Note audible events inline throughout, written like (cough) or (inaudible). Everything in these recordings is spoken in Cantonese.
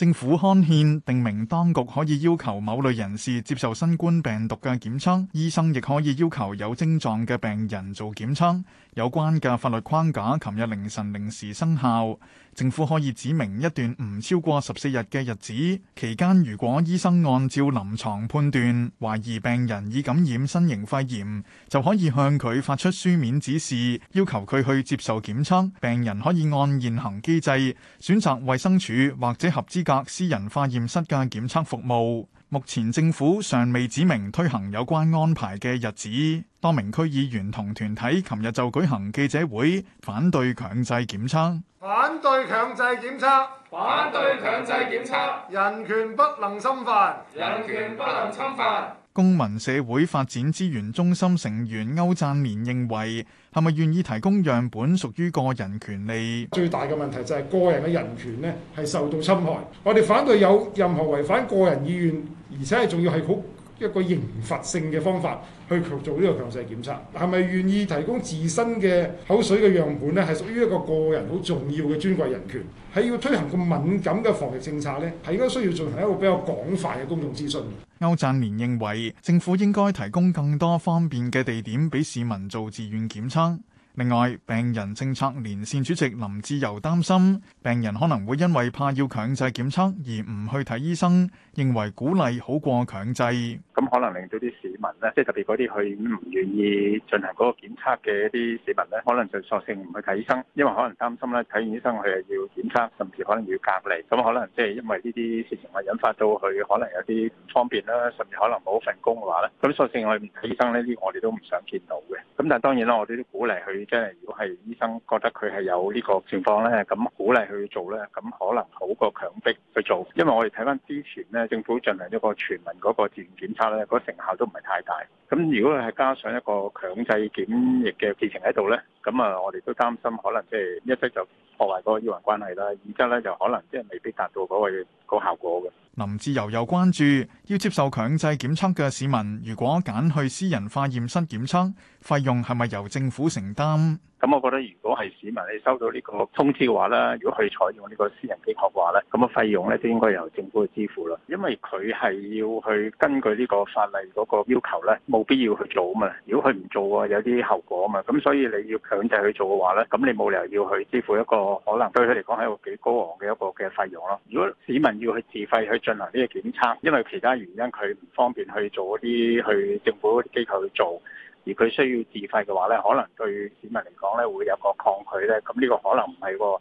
政府刊憲定明當局可以要求某類人士接受新冠病毒嘅檢測，醫生亦可以要求有症狀嘅病人做檢測。有關嘅法律框架，琴日凌晨零時生效。政府可以指明一段唔超過十四日嘅日子，期間如果醫生按照臨床判斷懷疑病人已感染新型肺炎，就可以向佢發出書面指示，要求佢去接受檢測。病人可以按現行機制選擇衛生署或者合資各私人化驗室嘅檢測服務，目前政府尚未指明推行有關安排嘅日子。多名區議員同團體琴日就舉行記者會，反對強制檢測。反對強制檢測，反對強制檢測，檢測人權不能侵犯，人權不能侵犯。公民社會發展資源中心成員歐贊連認為，係咪願意提供樣本屬於個人權利？最大嘅問題就係個人嘅人權呢係受到侵害。我哋反對有任何違反個人意願，而且係仲要係好。一個刑罰性嘅方法去強做呢個強制檢測，係咪願意提供自身嘅口水嘅樣本咧？係屬於一個個人好重要嘅尊貴人權，係要推行個敏感嘅防疫政策呢？係應該需要進行一個比較廣泛嘅公眾諮詢。歐振年認為政府應該提供更多方便嘅地點俾市民做自願檢測。另外，病人政策連線主席林志由擔心病人可能會因為怕要強制檢測而唔去睇醫生，認為鼓勵好過強制，咁可能令到啲市民咧，即係特別嗰啲去唔願意進行嗰個檢測嘅一啲市民咧，可能就索性唔去睇醫生，因為可能擔心咧睇完醫生佢又要檢測，甚至可能要隔離，咁可能即係因為呢啲事情咧引發到佢可能有啲唔方便啦，甚至可能冇份工嘅話咧，咁索性我哋唔睇醫生呢啲，這個，我哋都唔想見到嘅。咁但係當然啦，我哋都鼓勵去。真係，如果係醫生覺得佢係有呢個情況咧，咁鼓勵佢去做咧，咁可能好過強迫去做。因為我哋睇翻之前咧，政府進行一個全民嗰個自願檢測咧，嗰成效都唔係太大。咁如果係加上一個強制檢疫嘅機情喺度咧，咁啊，我哋都擔心可能即係一則就破壞嗰個醫患關係啦，而家咧就可能即係未必達到嗰個效果嘅。林志由又關注，要接受強制檢測嘅市民，如果揀去私人化驗室檢測，費用係咪由政府承擔？咁我覺得如，如果係市民你收到呢個通知嘅話咧，如果佢採用呢個私人機構嘅話咧，咁啊費用咧就應該由政府去支付啦。因為佢係要去根據呢個法例嗰個要求咧，冇必要去做啊嘛。如果佢唔做啊，有啲後果啊嘛。咁所以你要強制去做嘅話咧，咁你冇理由要去支付一個可能對佢嚟講係一個幾高昂嘅一個嘅費用咯。如果市民要去自費去進行呢個檢測，因為其他原因佢唔方便去做嗰啲去政府嗰啲機構去做，而佢需要自費嘅話咧，可能對市民嚟講咧會有個抗拒咧，咁呢個可能唔係個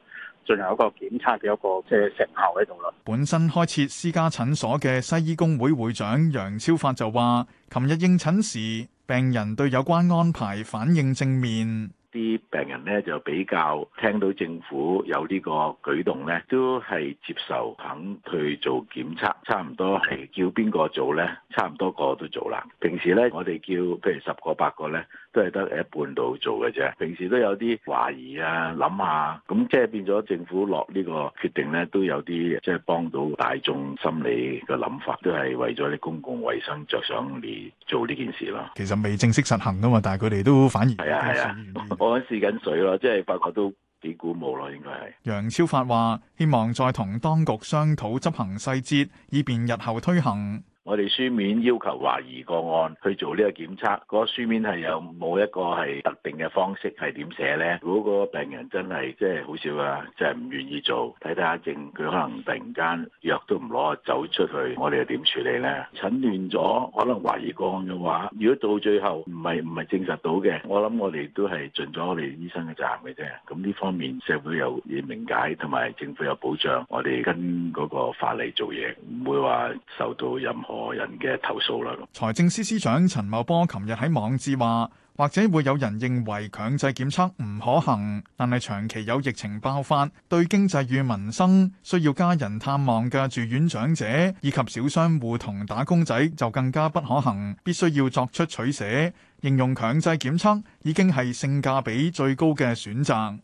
進行一個檢測嘅一個即係成效喺度咯。本身開設私家診所嘅西醫工會會長楊超發就話，琴日應診時病人對有關安排反應正面。啲病人咧就比較聽到政府有呢個舉動咧，都係接受肯去做檢測，差唔多係叫邊個做咧，差唔多個都做啦。平時咧，我哋叫譬如十個八個咧，都係得一半度做嘅啫。平時都有啲懷疑啊、諗啊，咁即係變咗政府落呢個決定咧，都有啲即係幫到大眾心理嘅諗法，都係為咗啲公共衞生着想嚟做呢件事咯。其實未正式實行啊嘛，但係佢哋都反而係啊係啊。 (laughs) 我喺試緊水咯，即係發覺都幾鼓舞咯，應該係。楊超發話：希望再同當局商討執行細節，以便日後推行。我哋書面要求懷疑個案去做呢個檢測，嗰個書面係有冇一個係特定嘅方式係點寫呢？如果個病人真係即係好少啦，即係唔願意做，睇睇下症，佢可能突然間藥都唔攞，走出去，我哋又點處理呢？診斷咗可能懷疑個案嘅話，如果到最後唔係唔係證實到嘅，我諗我哋都係盡咗我哋醫生嘅責任嘅啫。咁呢方面社會又易明解，同埋政府有保障，我哋跟嗰個法例做嘢，唔會話受到任何外人嘅投訴啦。財政司司長陳茂波琴日喺網誌話，或者會有人認為強制檢測唔可行，但係長期有疫情爆發對經濟與民生需要家人探望嘅住院長者以及小商戶同打工仔就更加不可行，必須要作出取捨。應用強制檢測已經係性價比最高嘅選擇。